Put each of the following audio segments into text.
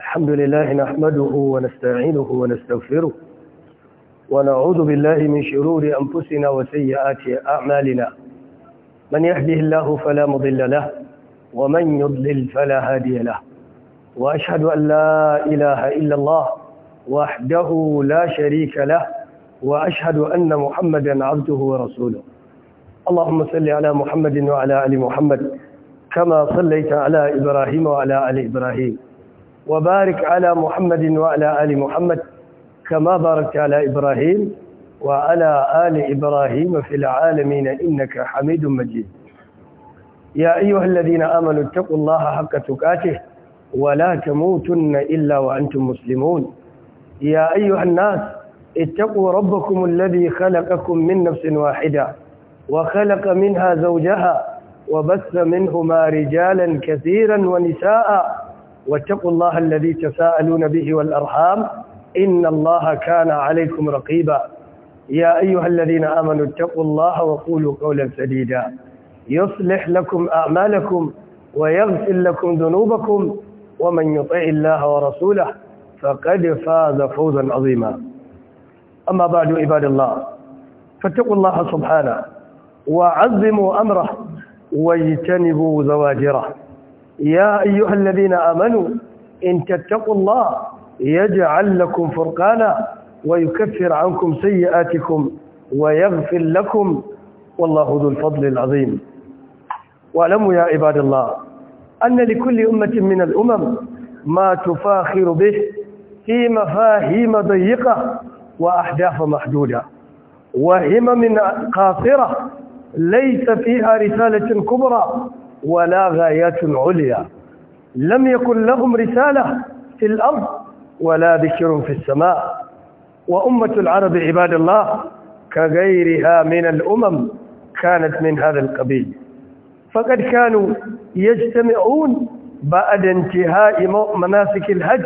الحمد لله نحمده ونستعينه ونستغفره ونعوذ بالله من شرور أنفسنا وسيئات أعمالنا من يهده الله فلا مضل له ومن يضلل فلا هادي له وأشهد أن لا إله إلا الله وحده لا شريك له وأشهد أن محمدا عبده ورسوله اللهم صل على محمد وعلى آل محمد كما صليت على إبراهيم وعلى آل إبراهيم وبارك على محمد وعلى آل محمد كما باركت على إبراهيم وعلى آل إبراهيم في العالمين إنك حميد مجيد يا أيها الذين آمنوا اتقوا الله حق تقاته ولا تموتن إلا وأنتم مسلمون يا أيها الناس اتقوا ربكم الذي خلقكم من نفس واحدة وخلق منها زوجها وبث منهما رجالا كثيرا ونساء واتقوا الله الذي تساءلون به والأرحام إن الله كان عليكم رقيبا يا أيها الذين آمنوا اتقوا الله وقولوا قولا سديدا يصلح لكم أعمالكم ويغفر لكم ذنوبكم ومن يطع الله ورسوله فقد فاز فوزا عظيما أما بعد عباد الله فاتقوا الله سبحانه وعظموا أمره واجتنبوا زواجره يا أيها الذين آمنوا إن تتقوا الله يجعل لكم فرقانا ويكفر عنكم سيئاتكم ويغفر لكم والله ذو الفضل العظيم واعلموا يا عباد الله أن لكل أمة من الأمم ما تفاخر به في مفاهيم ضيقة وأحداث محدودة وهمم قاصرة ليس فيها رسالة كبرى ولا غايات عليا لم يكن لهم رسالة في الأرض ولا ذكر في السماء وأمة العرب عباد الله كغيرها من الأمم كانت من هذا القبيل فقد كانوا يجتمعون بعد انتهاء مناسك الحج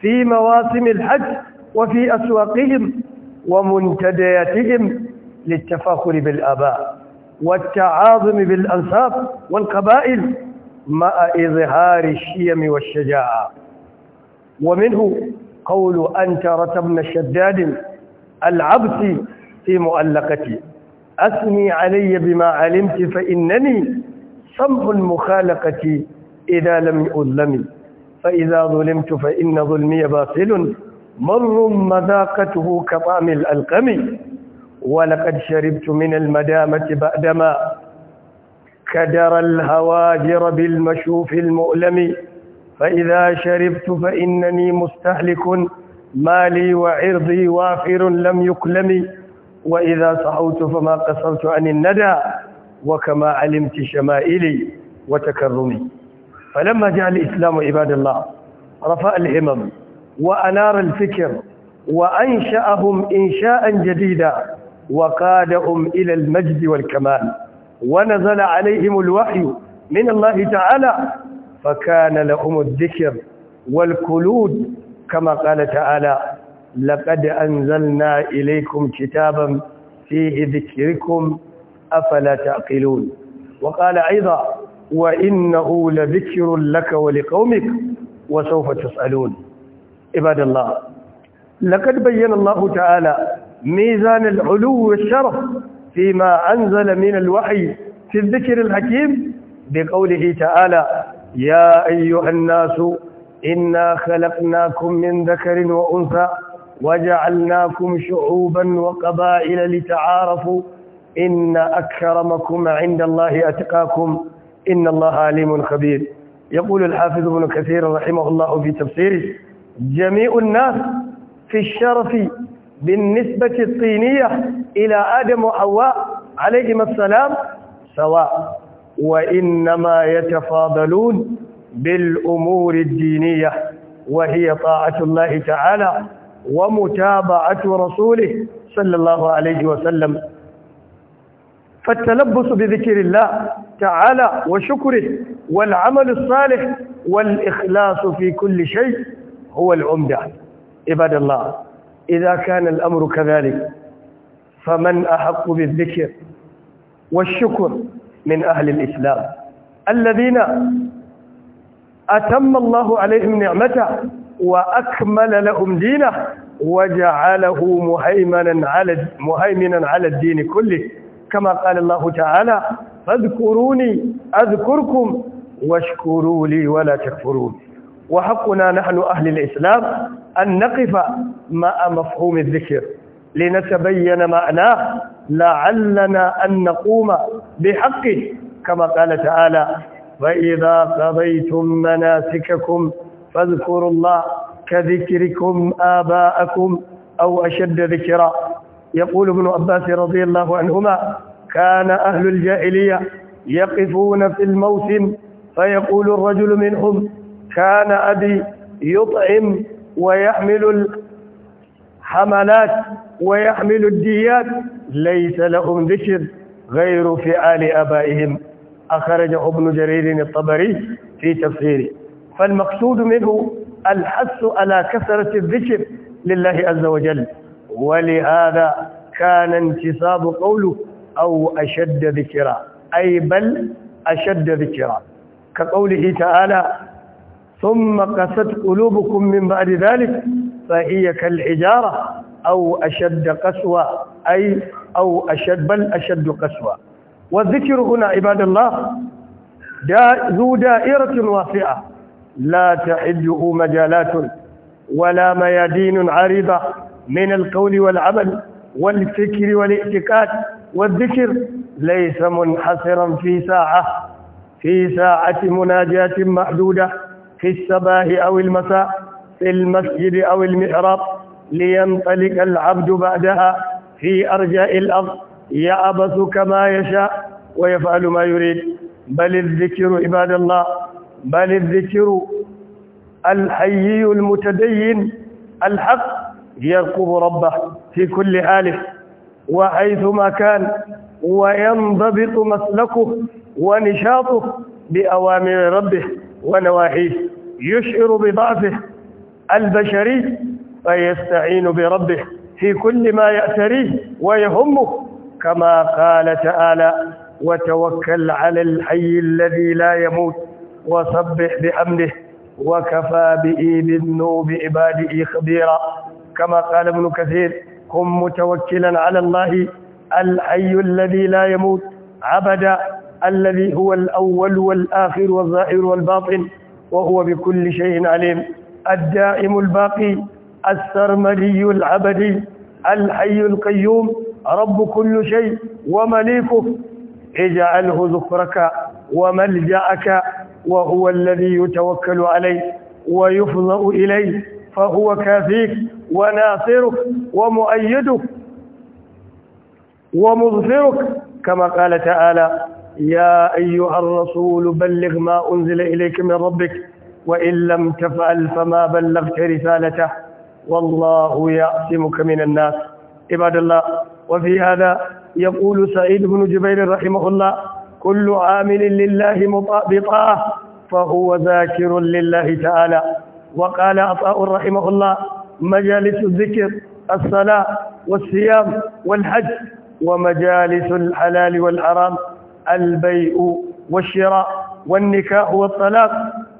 في مواسم الحج وفي أسواقهم ومنتدياتهم للتفاخر بالآباء والتعاظم بالأنساب والقبائل مع إظهار الشيم والشجاعة ومنه قول أنت رتبن شداد العبس في مؤلقتي أثني علي بما علمت فإنني صمح المخالقة إذا لم أظلم فإذا ظلمت فإن ظلمي باطل مر مذاقته كطعم الألقم ولقد شربت من المدامة بعدما كدر الهواجر بالمشوف المؤلم فإذا شربت فإنني مستهلك مالي وعرضي وافر لم يكلم وإذا صحوت فما قصرت عن الندى وكما علمت شمائلي وتكرمي فلما جاء الإسلام عباد الله رفع الهمم وأنار الفكر وأنشأهم إنشاء جديدا وقادهم إلى المجد والكمال ونزل عليهم الوحي من الله تعالى فكان لهم الذكر والخلود كما قال تعالى لقد أنزلنا إليكم كتابا فيه ذكركم أفلا تعقلون وقال أيضا وإنه لذكر لك ولقومك وسوف تسألون عباد الله لقد بين الله تعالى ميزان العلو والشرف فيما أنزل من الوحي في الذكر الحكيم بقوله تعالى يا أيها الناس إنا خلقناكم من ذكر وأنثى وجعلناكم شعوبا وقبائل لتعارفوا إن أكرمكم عند الله أتقاكم إن الله عليم خبير يقول الحافظ ابن كثير رحمه الله في تفسيره جميع الناس في الشرف بالنسبة الطينية إلى آدم وحواء عليهما السلام سواء وإنما يتفاضلون بالأمور الدينية وهي طاعة الله تعالى ومتابعة رسوله صلى الله عليه وسلم فالتلبس بذكر الله تعالى وشكره والعمل الصالح والإخلاص في كل شيء هو العمدة عباد الله إذا كان الأمر كذلك فمن أحق بالذكر والشكر من أهل الإسلام الذين أتم الله عليهم نعمته وأكمل لهم دينه وجعله مهيمنا على مهيمنا على الدين كله كما قال الله تعالى فاذكروني أذكركم واشكروا لي ولا تكفرون وحقنا نحن أهل الإسلام أن نقف مع مفهوم الذكر لنتبين معناه لعلنا أن نقوم بحقه كما قال تعالى وإذا قضيتم مناسككم فاذكروا الله كذكركم آباءكم أو أشد ذكرا يقول ابن عباس رضي الله عنهما كان أهل الجاهلية يقفون في الموسم فيقول الرجل منهم كان أبي يطعم ويحمل الحملات ويحمل الديات ليس لهم ذكر غير فعال أبائهم أخرجه ابن جرير الطبري في تفسيره فالمقصود منه الحث على كثرة الذكر لله عز وجل ولهذا كان انتصاب قوله أو أشد ذكرا أي بل أشد ذكرا كقوله تعالى ثم قست قلوبكم من بعد ذلك فهي كالحجارة أو أشد قسوة أي أو أشد بل أشد قسوة والذكر هنا عباد الله دا ذو دائرة واسعة لا تحده مجالات ولا ميادين عريضة من القول والعمل والفكر والاعتقاد والذكر ليس منحصرا في ساعة في ساعة مناجاة محدودة في الصباح أو المساء في المسجد أو المحراب لينطلق العبد بعدها في أرجاء الأرض يعبث كما يشاء ويفعل ما يريد بل الذكر عباد الله بل الذكر الحي المتدين الحق يرقب ربه في كل حاله وحيثما كان وينضبط مسلكه ونشاطه بأوامر ربه ونواهيه يشعر بضعفه البشري فيستعين بربه في كل ما يأتريه ويهمه كما قال تعالى وتوكل على الحي الذي لا يموت وسبح بحمده وكفى به بالنوب عباده خبيرا كما قال ابن كثير كن متوكلا على الله الحي الذي لا يموت عبدا الذي هو الأول والآخر والظاهر والباطن وهو بكل شيء عليم الدائم الباقي السرمدي العبدي الحي القيوم رب كل شيء ومليكه اجعله ذكرك وملجأك وهو الذي يتوكل عليه ويفضأ إليه فهو كافيك وناصرك ومؤيدك ومظفرك كما قال تعالى يا أيها الرسول بلغ ما أنزل إليك من ربك وإن لم تفعل فما بلغت رسالته والله يعصمك من الناس عباد الله وفي هذا يقول سعيد بن جبير رحمه الله كل عامل لله بطاعة فهو ذاكر لله تعالى وقال عطاء رحمه الله مجالس الذكر الصلاة والصيام والحج ومجالس الحلال والحرام البيع والشراء والنكاح والطلاق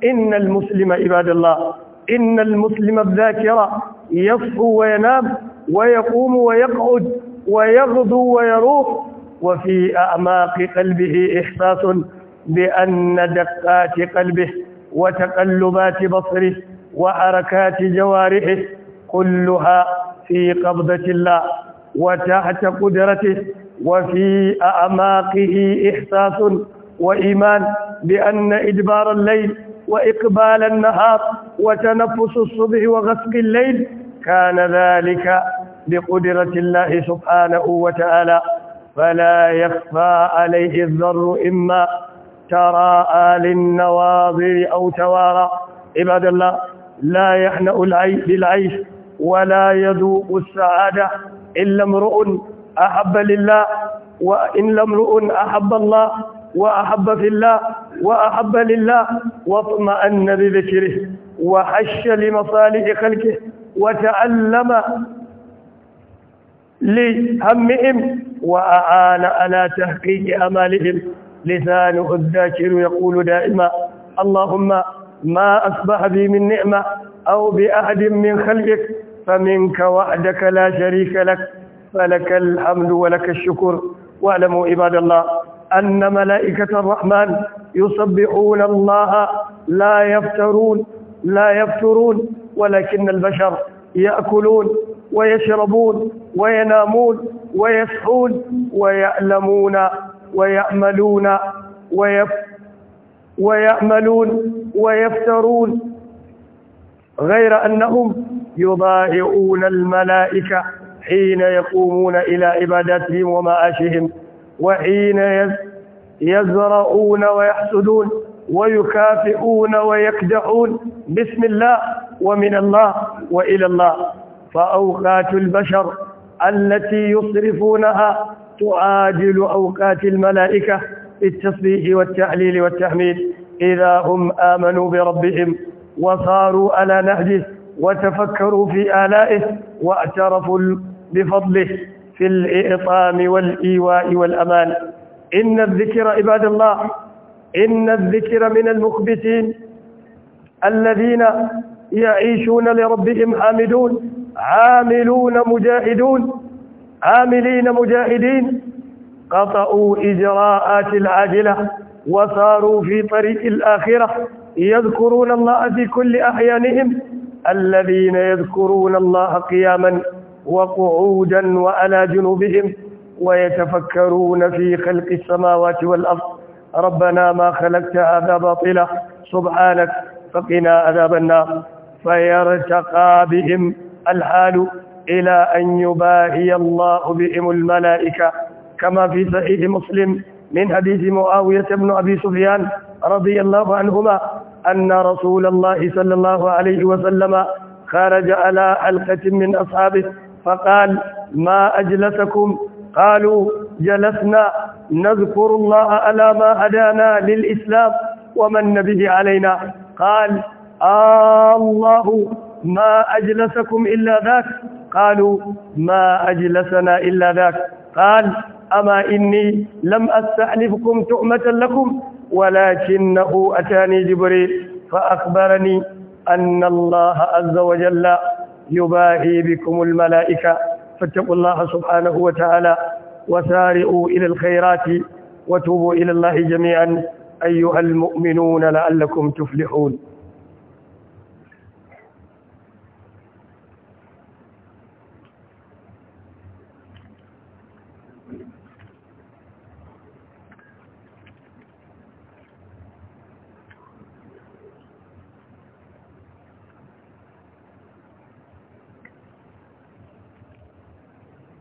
إن المسلم عباد الله إن المسلم الذاكرة يصفو وينام ويقوم ويقعد ويغدو ويروح وفي أعماق قلبه إحساس بأن دقات قلبه وتقلبات بصره وحركات جوارحه كلها في قبضة الله وتحت قدرته وفي أعماقه إحساس وإيمان بأن إدبار الليل وإقبال النهار وتنفس الصبح وغسق الليل كان ذلك بقدرة الله سبحانه وتعالى فلا يخفى عليه الذر إما تراءى للنواظر أو توارى عباد الله لا يحنأ بالعيش ولا يذوق السعادة إلا امرؤ أحب لله وإن لامرؤ أحب الله وأحب في الله وأحب لله واطمأن بذكره وحش لمصالح خلقه وتعلم لهمهم وأعان على تحقيق أمالهم لسانه الذاكر يقول دائما اللهم ما أصبح بي من نعمة أو بأحد من خلقك فمنك وحدك لا شريك لك فلك الحمد ولك الشكر واعلموا عباد الله أن ملائكة الرحمن يسبحون الله لا يفترون لا يفترون ولكن البشر يأكلون ويشربون وينامون ويسحون ويألمون ويعملون ويف ويعملون ويفترون غير أنهم يضاهئون الملائكة حين يقومون إلى عبادتهم ومعاشهم وحين يزرعون ويحسدون ويكافئون ويكدحون بسم الله ومن الله وإلى الله فأوقات البشر التي يصرفونها تعادل أوقات الملائكة التصبيح والتعليل والتحميد إذا هم آمنوا بربهم وصاروا على نهجه وتفكروا في آلائه واعترفوا بفضله في الإطعام والإيواء والأمان إن الذكر عباد الله إن الذكر من المخبتين الذين يعيشون لربهم حامدون عاملون مجاهدون عاملين مجاهدين قطعوا إجراءات العاجلة وصاروا في طريق الآخرة يذكرون الله في كل أحيانهم الذين يذكرون الله قياما وقعودا وعلى جنوبهم ويتفكرون في خلق السماوات والأرض ربنا ما خلقت هذا باطلا سبحانك فقنا عذاب النار فيرتقى بهم الحال إلى أن يباهي الله بهم الملائكة كما في صحيح مسلم من حديث معاوية بن أبي سفيان رضي الله عنهما أن رسول الله صلى الله عليه وسلم خرج على حلقة من أصحابه فقال ما أجلسكم قالوا جلسنا نذكر الله على ما هدانا للإسلام ومن به علينا قال آه الله ما أجلسكم إلا ذاك قالوا ما أجلسنا إلا ذاك قال أما إني لم أستحلفكم تؤمة لكم ولكنه أتاني جبريل فأخبرني أن الله عز وجل يباهي بكم الملائكة فاتقوا الله سبحانه وتعالى وسارئوا إلى الخيرات وتوبوا إلى الله جميعا أيها المؤمنون لعلكم تفلحون